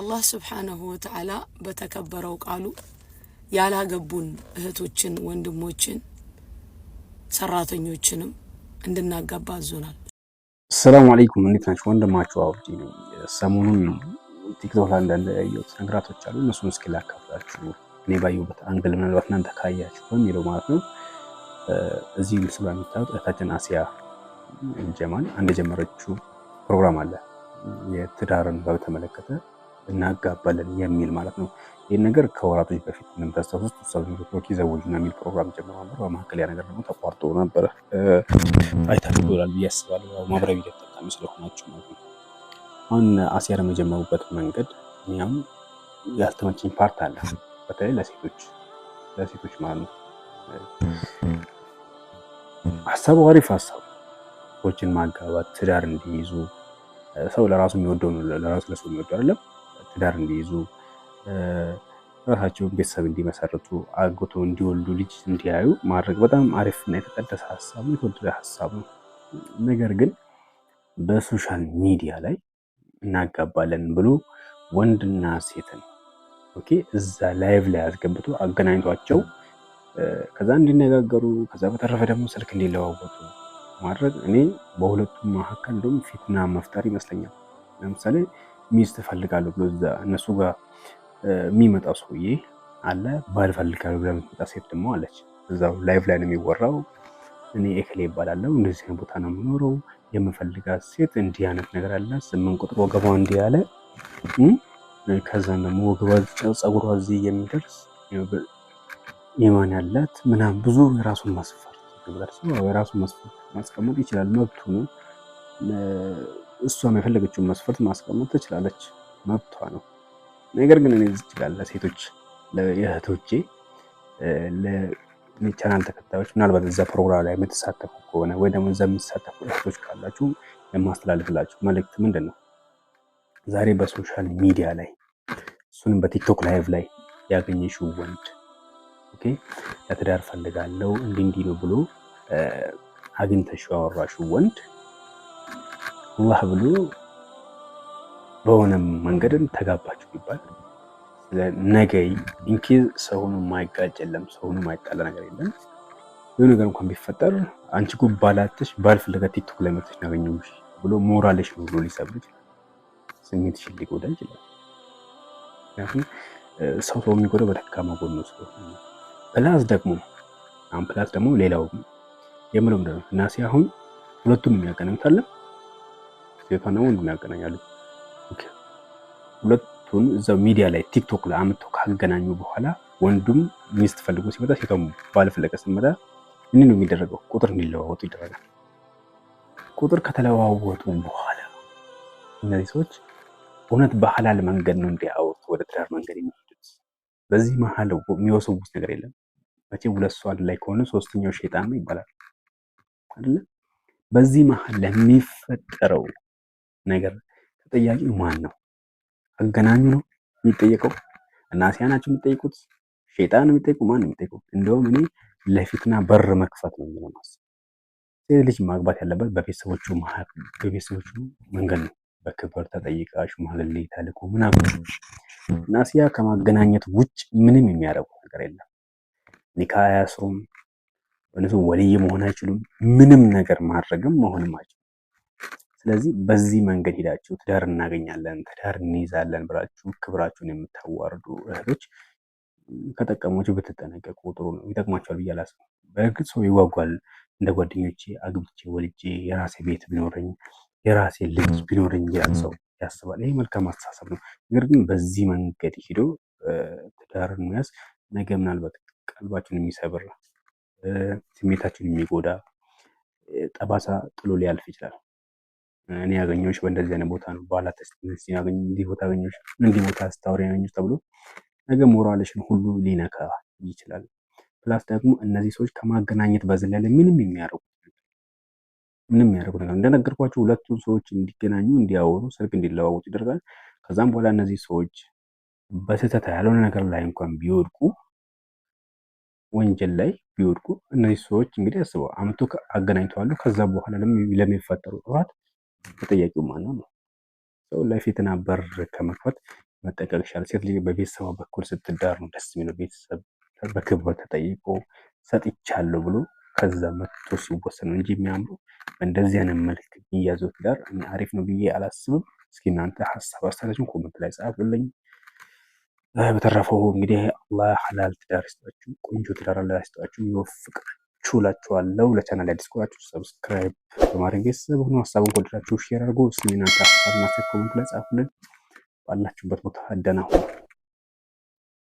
አላህ ስብሓነሁ ወተዓላ በተከበረው ቃሉ ያላገቡን እህቶችን፣ ወንድሞችን፣ ሰራተኞችንም እንድናጋባ አዞናል። አሰላሙ አለይኩም እንዴት ናቸው? ወንድማችሁ አውርዲ ሰሞኑን ቲክቶክ ላይ አንዳንድ ያየሁት ነገራቶች አሉ። እነሱን እስኪ ላካፍላችሁ። እኔ ባየሁበት አንግል ምናልባት እናንተ ካያችሁ በሚለው ማለት ነው። እዚህ ምስሉ ላይ እህታችን አሲያ ጀማል አንድ የጀመረችው ፕሮግራም አለ የትዳርን በተመለከተ እናጋባለን የሚል ማለት ነው። ይህን ነገር ከወራቶች በፊት እንደምታስታውሱት ሰብቶች ነው የሚል ፕሮግራም ጀምሮ ነበር። በመካከል ያ ነገር ደግሞ ተቋርጦ ነበረ። አይታችሁ ይሆናል ብዬ አስባለሁ። ማህበራዊ ሚዲያ ተጠቃሚ ስለሆናችሁ ማለት ነው። አሁን አሲያር የጀመሩበት መንገድ እኒያም ያልተመቸኝ ፓርት አለ። በተለይ ለሴቶች ለሴቶች ማለት ነው። ሀሳቡ አሪፍ ሀሳብ ሰዎችን ማጋባት ትዳር እንዲይዙ ሰው ለራሱ የሚወደው ለራሱ ለሰው የሚወደው አይደለም ትዳር እንዲይዙ ራሳቸውን ቤተሰብ እንዲመሰርቱ አግብተው እንዲወልዱ ልጅ እንዲያዩ ማድረግ በጣም አሪፍና የተቀደሰ ሀሳብ ነው፣ የተወደደ ሀሳብ ነው። ነገር ግን በሶሻል ሚዲያ ላይ እናጋባለን ብሎ ወንድና ሴትን ኦኬ እዛ ላይቭ ላይ አስገብቶ አገናኝቷቸው ከዛ እንዲነጋገሩ ከዛ በተረፈ ደግሞ ስልክ እንዲለዋወጡ ማድረግ እኔ በሁለቱም መካከል እንደውም ፊትና መፍጠር ይመስለኛል። ለምሳሌ ሚስት እፈልጋለሁ ብሎ እነሱ ጋር የሚመጣው ሰውዬ አለ። ባል እፈልጋለሁ ብላ የምትመጣ ሴት ደግሞ አለች። እዛው ላይቭ ላይ ነው የሚወራው። እኔ ኤክሌ ይባላለው እንደዚህ አይነት ቦታ ነው የምኖረው። የምፈልጋት ሴት እንዲህ አይነት ነገር አለ። ስምንት ቁጥር ወገቧ እንዲህ ያለ፣ ከዛ ደግሞ ወገቧ ፀጉሯ እዚህ የሚደርስ ኢማን ያላት ምናምን ብዙ የራሱን ማስፈር የራሱን ማስፈር ማስቀመጥ ይችላል፣ መብቱ ነው። እሷም የፈለገችውን መስፈርት ማስቀመጥ ትችላለች፣ መብቷ ነው። ነገር ግን እኔ ዝች ጋር ለሴቶች ለእህቶቼ ቻናል ተከታዮች ምናልባት እዛ ፕሮግራም ላይ የምትሳተፉ ከሆነ ወይ ደግሞ እዛ የምትሳተፉ እህቶች ካላችሁ የማስተላልፍላችሁ መልእክት ምንድን ነው? ዛሬ በሶሻል ሚዲያ ላይ እሱንም በቲክቶክ ላይቭ ላይ ያገኘሽው ወንድ ለትዳር ፈልጋለው እንዲህ እንዲህ ነው ብሎ አግኝተሽ ያወራሽው ወንድ አላህ ብሎ በሆነ መንገድም ተጋባችሁ ይባል ነገ ኢንኬ ሰውኑ ማይጋጭ የለም፣ ሰውኑ ማይጣላ ነገር የለም። የሆነ ነገር እንኳን ቢፈጠር አንቺ ጉባላትሽ ባልፍለጋ ቲክቶክ ላይ መጥተሽ ናገኘሽ ብሎ ሞራልሽ ነው ብሎ ሊሰብር ይችላል። ስሜትሽ ሊጎዳ ይችላል። ምክንያቱም ሰው ሰው የሚጎዳው በደካማ ጎኑ ስለሆነ ፕላስ ደግሞ አሁን ፕላስ ደግሞ ሌላው የምለው ምንድን ነው እናሴ አሁን ሁለቱም የሚያገናኙት ሴቷና ወንዱን ያገናኛሉ። ሁለቱን እዛ ሚዲያ ላይ ቲክቶክ ላይ አምጥተው ካገናኙ በኋላ ወንዱም ሚስት ፈልጎ ሲመጣ ሴቷም ባልፈለገ ፈለገ ስትመጣ ምን ነው የሚደረገው? ቁጥር እንዲለዋወጡ ይደረጋል። ቁጥር ከተለዋወጡ በኋላ እነዚህ ሰዎች እውነት በሐላል መንገድ ነው እንዲያወጡ ወደ ትዳር መንገድ የሚሄዱት። በዚህ መሀል የሚወሰውስ ነገር የለም። መቼ ሁለት ሰው አንድ ላይ ከሆነ ሶስተኛው ሸይጣን ነው ይባላል አይደለ? በዚህ መሀል ለሚፈጠረው ነገር ተጠያቂው ማን ነው? አገናኙ ነው የሚጠየቀው? እናሲያ ናቸው የሚጠይቁት? ሸይጣን ነው የሚጠይቁ? ማን ነው የሚጠይቁት? እንደውም እኔ ለፊትና በር መክፈት ነው የሚለው ማሰብ። ሴት ልጅ ማግባት ያለበት በቤተሰቦቹ በቤተሰቦቹ መንገድ ነው። በክብር ተጠይቃሽ ማለሌ ተልኮ ምናምን ናሲያ ከማገናኘት ውጭ ምንም የሚያደርጉት ነገር የለም። ኒካ አያስሩም፣ እነሱ ወልይ መሆን አይችሉም። ምንም ነገር ማድረግም መሆንም አይችሉም። ስለዚህ በዚህ መንገድ ሄዳችሁ ትዳር እናገኛለን፣ ትዳር እንይዛለን ብላችሁ ክብራችሁን የምታዋርዱ እህቶች ከጠቀሞች ብትጠነቀቁ ጥሩ ነው። ይጠቅማቸዋል ብዬ አላስብም። በእርግጥ ሰው ይጓጓል። እንደ ጓደኞቼ አግብቼ ወልጄ የራሴ ቤት ቢኖረኝ የራሴ ልጅ ቢኖረኝ ይላል ሰው ያስባል። ይሄ መልካም አስተሳሰብ ነው። ነገር ግን በዚህ መንገድ ሄዶ ትዳርን መያዝ ነገ ምናልባት ቀልባችሁን የሚሰብር ስሜታችሁን የሚጎዳ ጠባሳ ጥሎ ሊያልፍ ይችላል። እኔ ያገኘሁሽ በእንደዚህ አይነት ቦታ ነው፣ በኋላ እንዲህ ቦታ ያገኘሁሽ እንዲህ ቦታ ስታወሪ ያገኘሁሽ ተብሎ ነገ ሞራልሽን ሁሉ ሊነካ ይችላል። ፕላስ ደግሞ እነዚህ ሰዎች ከማገናኘት በዘለለ ምንም የሚያደርጉ ምንም የሚያደርጉ ነገር እንደነገርኳቸው ሁለቱን ሰዎች እንዲገናኙ፣ እንዲያወሩ፣ ስልክ እንዲለዋወጡ ይደርጋል። ከዛም በኋላ እነዚህ ሰዎች በስህተት ያልሆነ ነገር ላይ እንኳን ቢወድቁ ወንጀል ላይ ቢወድቁ እነዚህ ሰዎች እንግዲህ አስበው አምቶ አገናኝተዋሉ። ከዛ በኋላ ለሚፈጠሩ ጥፋት ተጠያቂው ማን ነው? ሰው ለፊትና በር ከመክፈት መጠቀቅ ይሻላል። ሴት ልጅ በቤተሰቧ በኩል ስትዳር ነው ደስ የሚለው። ቤተሰብ በክብር ተጠይቆ ሰጥቻለሁ ብሎ ከዛ መጥቶ ሲወሰን ነው እንጂ የሚያምሩ በእንደዚህ አይነት መልክ የሚያዘው ትዳር እኔ አሪፍ ነው ብዬ አላስብም። እስኪ እናንተ ሀሳብ አስተያየታችሁን ኮመንት ላይ ጻፉልኝ። በተረፈው እንግዲህ አላህ ሀላል ትዳር ይስጣችሁ፣ ቆንጆ ትዳር አላህ ይስጣችሁ፣ ይወፍቃል። ናችሁ እላችኋለሁ። ለቻናል አዲስ ከሆናችሁ ሰብስክራይብ በማድረግ ቤተሰብ ሆኖ ሀሳቡን ከወደዳችሁ ሼር አድርጉ። እስኪ እናንተ ሀሳብ ኮሜንት ላይ ጻፉልን። ባላችሁበት ቦታ ደህና ሁኑ።